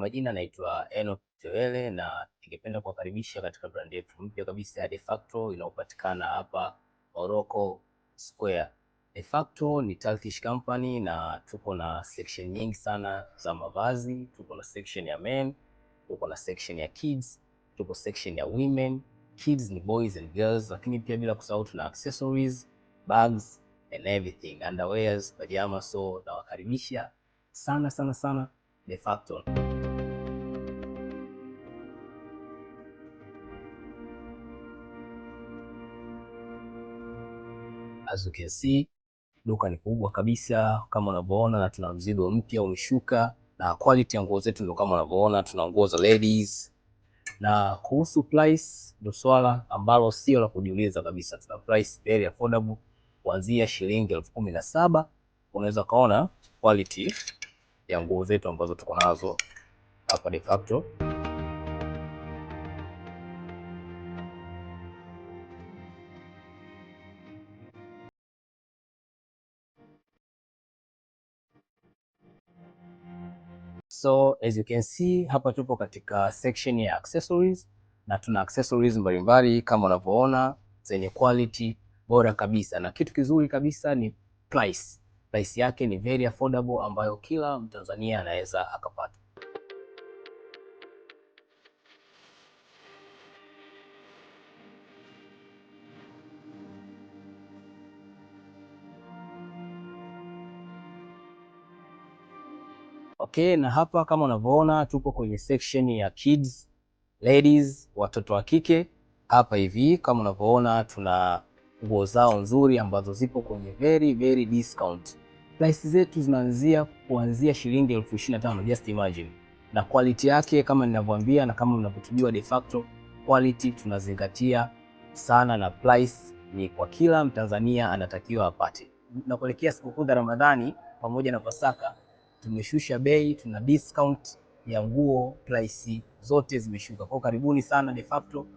majina naitwa Enoch Tewele na ningependa kuwakaribisha katika brand yetu mpya kabisa ya Defacto inayopatikana hapa Morocco Square. Defacto ni Turkish company na tuko na section nyingi sana za mavazi. Tuko na section ya men, tuko na section ya kids, tuko section ya women. Kids ni boys and girls, lakini pia bila kusahau tuna accessories, bags and everything, underwears, pajama. So nawakaribisha sana sana sana De Facto. as you can see, duka ni kubwa kabisa kama unavyoona, na tuna mzigo mpya umeshuka, na quality ya nguo zetu ndio kama unavyoona, tuna nguo za ladies. Na kuhusu price, ndio swala ambalo sio la kujiuliza kabisa. Tuna price very affordable kuanzia shilingi elfu kumi na saba. Unaweza ukaona quality ya nguo zetu ambazo tuko nazo hapa de facto. So as you can see hapa tupo katika section ya accessories na tuna accessories mbalimbali kama unavyoona zenye quality bora kabisa, na kitu kizuri kabisa ni price. Price yake ni very affordable ambayo kila Mtanzania anaweza akapata. Okay, na hapa kama unavyoona tuko kwenye section ya kids, ladies, watoto wa kike. Hapa hivi kama unavyoona tuna nguo zao nzuri ambazo zipo kwenye very very discount. Price zetu zinaanzia kuanzia shilingi elfu ishirini na tano just imagine, na quality yake kama ninavyoambia na kama mnavyotujua de facto quality tunazingatia sana, na price ni kwa kila Mtanzania anatakiwa apate. Tunakuelekea sikukuu za Ramadhani pamoja na Pasaka tumeshusha bei, tuna discount ya nguo, price zote zimeshuka. Kwa karibuni sana de facto